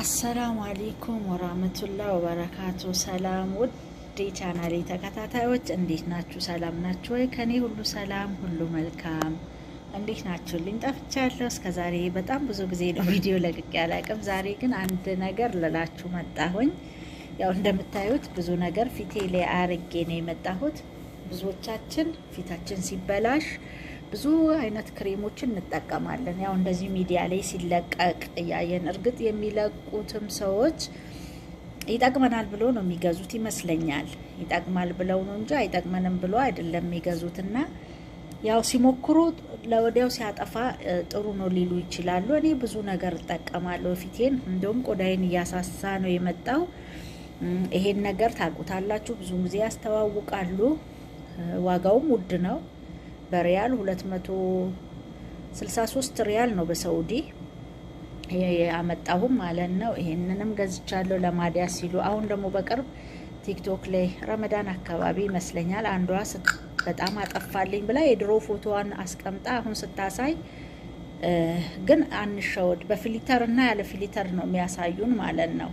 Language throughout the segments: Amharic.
አሰላሙ አሌይኩም ወራህመቱላ ወበረካቱ። ሰላም ውድ የቻናሌ ተከታታዮች እንዴት ናችሁ? ሰላም ናችሁ ወይ? ከኔ ሁሉ ሰላም፣ ሁሉ መልካም። እንዴት ናችሁ? ልኝ ጠፍቻለሁ። እስከ ዛሬ በጣም ብዙ ጊዜ ነው ቪዲዮ ለቅቄ አላቅም። ዛሬ ግን አንድ ነገር ልላችሁ መጣሁኝ። ያው እንደምታዩት ብዙ ነገር ፊቴ ላይ አርጌ ነው የመጣሁት። ብዙዎቻችን ፊታችን ሲበላሽ ብዙ አይነት ክሬሞችን እንጠቀማለን። ያው እንደዚህ ሚዲያ ላይ ሲለቀቅ እያየን እርግጥ የሚለቁትም ሰዎች ይጠቅመናል ብሎ ነው የሚገዙት ይመስለኛል። ይጠቅማል ብለው ነው እንጂ አይጠቅመንም ብሎ አይደለም የሚገዙት እና ያው ሲሞክሩ ለወዲያው ሲያጠፋ ጥሩ ነው ሊሉ ይችላሉ። እኔ ብዙ ነገር እጠቀማለሁ ፊቴን፣ እንዲሁም ቆዳዬን እያሳሳ ነው የመጣው። ይሄን ነገር ታውቁታላችሁ፣ ብዙ ጊዜ ያስተዋውቃሉ። ዋጋውም ውድ ነው። በሪያል 263 ሪያል ነው በሳውዲ ያመጣሁም ማለት ነው። ይሄንንም ገዝቻለሁ ለማዲያ ሲሉ። አሁን ደግሞ በቅርብ ቲክቶክ ላይ ረመዳን አካባቢ ይመስለኛል አንዷ በጣም አጠፋልኝ ብላ የድሮ ፎቶዋን አስቀምጣ አሁን ስታሳይ ግን አንሸወድ በፊሊተር እና ያለ ፊሊተር ነው የሚያሳዩን ማለት ነው።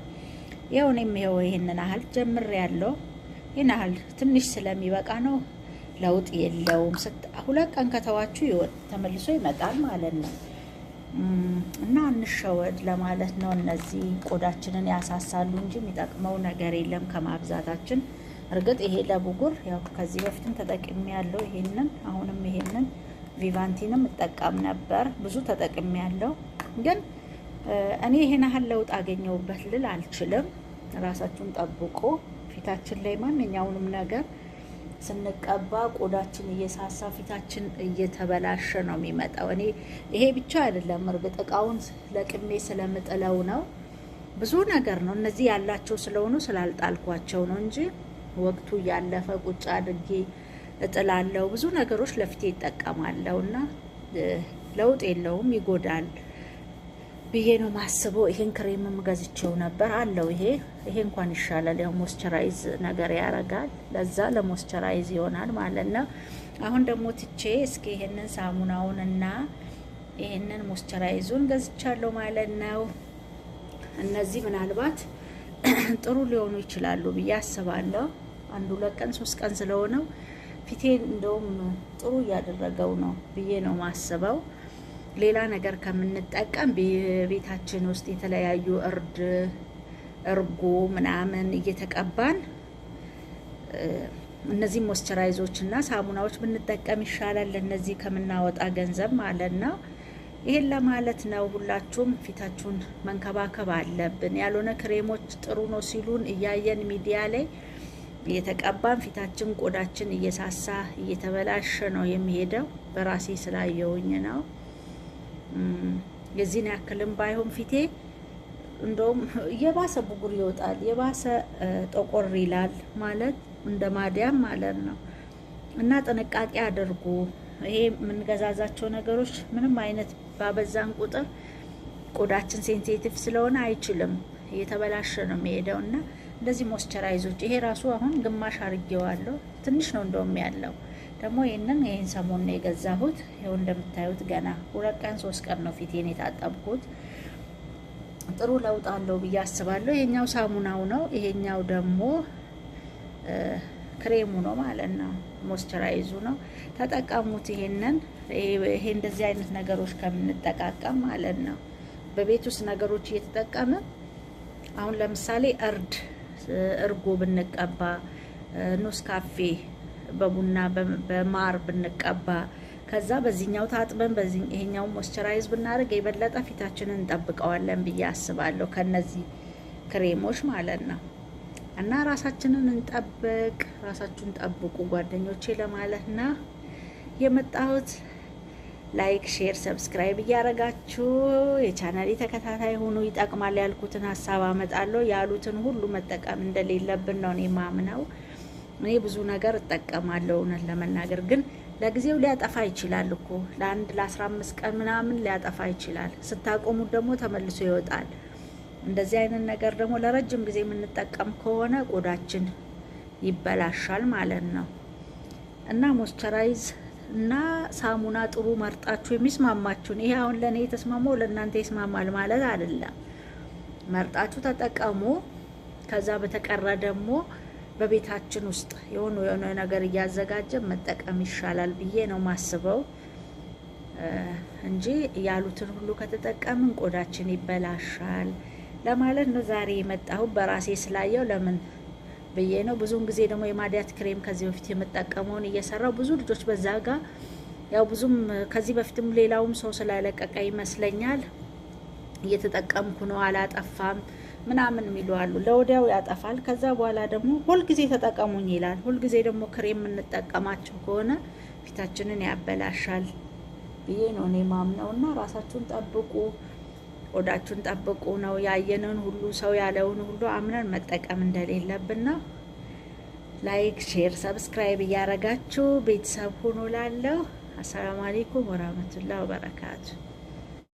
ይኸው እኔም ይኸው ይህንን ያህል ጀምር ያለው ይህን ያህል ትንሽ ስለሚበቃ ነው። ለውጥ የለውም። ሁለት ቀን ከተዋችሁ ይወጥ ተመልሶ ይመጣል ማለት ነው። እና እንሸወድ ለማለት ነው። እነዚህ ቆዳችንን ያሳሳሉ እንጂ የሚጠቅመው ነገር የለም ከማብዛታችን። እርግጥ ይሄ ለብጉር ያው ከዚህ በፊትም ተጠቅሜ ያለው ይሄንን፣ አሁንም ይሄንን ቪቫንቲንም እጠቀም ነበር ብዙ ተጠቅሜ ያለው ግን እኔ ይሄን ያህል ለውጥ አገኘውበት ልል አልችልም። ራሳችሁን ጠብቆ ፊታችን ላይ ማንኛውንም ነገር ስንቀባ ቆዳችን እየሳሳ ፊታችን እየተበላሸ ነው የሚመጣው። እኔ ይሄ ብቻ አይደለም፣ እርግጥ እቃውን ለቅሜ ስለምጥለው ነው። ብዙ ነገር ነው። እነዚህ ያላቸው ስለሆኑ ስላልጣልኳቸው ነው እንጂ ወቅቱ ያለፈ ቁጭ አድርጌ እጥላለሁ። ብዙ ነገሮች ለፊቴ ይጠቀማለሁ እና ለውጥ የለውም፣ ይጎዳል። ብዬ ነው ማስበው። ይሄን ክሬምም ገዝቼው ነበር አለው። ይሄ ይሄ እንኳን ይሻላል፣ ያው ሞስቸራይዝ ነገር ያረጋል። ለዛ ለሞስቸራይዝ ይሆናል ማለት ነው። አሁን ደግሞ ትቼ እስኪ ይሄንን እና ይሄንን ሞስቸራይዙን ገዝቻለሁ ማለት ነው። እነዚህ ምናልባት ጥሩ ሊሆኑ ይችላሉ ብዬ አስባለሁ። አንድ ሁለት ቀን ሶስት ቀን ስለሆነው ፊቴ እንደውም ጥሩ እያደረገው ነው ብዬ ነው ማስበው። ሌላ ነገር ከምንጠቀም ቤታችን ውስጥ የተለያዩ እርድ እርጎ ምናምን እየተቀባን እነዚህ ሞስቸራይዞች እና ሳሙናዎች ብንጠቀም ይሻላል፣ ለነዚህ ከምናወጣ ገንዘብ ማለት ነው። ይሄን ለማለት ነው። ሁላችሁም ፊታችሁን መንከባከብ አለብን። ያልሆነ ክሬሞች ጥሩ ነው ሲሉን እያየን ሚዲያ ላይ እየተቀባን ፊታችን ቆዳችን እየሳሳ እየተበላሸ ነው የሚሄደው። በራሴ ስላየውኝ ነው። የዚህን ያክልም ባይሆን ፊቴ እንደውም የባሰ ብጉር ይወጣል፣ የባሰ ጠቆር ይላል ማለት እንደ ማዲያም ማለት ነው። እና ጥንቃቄ አድርጉ። ይሄ የምንገዛዛቸው ነገሮች ምንም አይነት ባበዛን ቁጥር ቆዳችን ሴንሲቲቭ ስለሆነ አይችልም፣ እየተበላሸ ነው የሚሄደው። እና እንደዚህ ሞስቸራይዞች ይሄ ራሱ አሁን ግማሽ አርጌዋለሁ። ትንሽ ነው እንደውም ያለው ደግሞ ይህንን ይህን ሰሞን ነው የገዛሁት። ይኸው እንደምታዩት ገና ሁለት ቀን ሶስት ቀን ነው ፊቴን የታጠብኩት። ጥሩ ለውጥ አለው ብዬ አስባለሁ። ይሄኛው ሳሙናው ነው፣ ይሄኛው ደግሞ ክሬሙ ነው ማለት ነው፣ ሞስቸራይዙ ነው። ተጠቀሙት ይሄንን። ይሄ እንደዚህ አይነት ነገሮች ከምንጠቃቀም ማለት ነው በቤት ውስጥ ነገሮች እየተጠቀመ አሁን ለምሳሌ እርድ እርጎ ብንቀባ ኖስ ካፌ በቡና በማር ብንቀባ ከዛ በዚህኛው ታጥበን በዚህ ይሄኛው ሞይስቸራይዝ ብናደርግ የበለጠ ፊታችንን እንጠብቀዋለን ብዬ አስባለሁ። ከነዚህ ክሬሞች ማለት ነው። እና ራሳችንን እንጠብቅ፣ ራሳችሁን ጠብቁ ጓደኞቼ ለማለት ነው የመጣሁት። ላይክ፣ ሼር፣ ሰብስክራይብ እያደረጋችሁ የቻናሌ ተከታታይ ሆኖ ይጠቅማል ያልኩትን ሀሳብ አመጣለሁ። ያሉትን ሁሉ መጠቀም እንደሌለብን ነው እኔ ማምነው። እኔ ብዙ ነገር እጠቀማለሁ። እውነት ለመናገር ግን ለጊዜው ሊያጠፋ ይችላል እኮ ለአንድ ለአስራ አምስት ቀን ምናምን ሊያጠፋ ይችላል። ስታቆሙት ደግሞ ተመልሶ ይወጣል። እንደዚህ አይነት ነገር ደግሞ ለረጅም ጊዜ የምንጠቀም ከሆነ ቆዳችን ይበላሻል ማለት ነው እና ሞስቸራይዝ እና ሳሙና ጥሩ መርጣችሁ የሚስማማችሁን። ይሄ አሁን ለእኔ የተስማማው ለእናንተ ይስማማል ማለት አይደለም። መርጣችሁ ተጠቀሙ። ከዛ በተቀረ ደግሞ በቤታችን ውስጥ የሆኑ የሆነ ነገር እያዘጋጀን መጠቀም ይሻላል ብዬ ነው ማስበው እንጂ ያሉትን ሁሉ ከተጠቀምን ቆዳችን ይበላሻል ለማለት ነው ዛሬ የመጣሁ በራሴ ስላየው ለምን ብዬ ነው። ብዙውን ጊዜ ደግሞ የማዲያት ክሬም ከዚህ በፊት የምጠቀመውን እየሰራው ብዙ ልጆች በዛ ጋር ያው ብዙም ከዚህ በፊትም ሌላውም ሰው ስላለቀቀ ይመስለኛል እየተጠቀምኩ ነው። አላጠፋም ምናምን የሚሉ አሉ። ለወዲያው ያጠፋል። ከዛ በኋላ ደግሞ ሁልጊዜ ተጠቀሙኝ ይላል። ሁልጊዜ ደግሞ ክሬም የምንጠቀማቸው ከሆነ ፊታችንን ያበላሻል ብዬ ነው እኔ ማምነው እና ራሳችሁን ጠብቁ፣ ወዳችሁን ጠብቁ ነው ያየንን ሁሉ ሰው ያለውን ሁሉ አምነን መጠቀም እንደሌለብና ላይክ፣ ሼር፣ ሰብስክራይብ እያረጋችሁ ቤተሰብ ሁኑ ላለሁ አሰላሙ አሌይኩም ወራህመቱላህ ወበረካቱ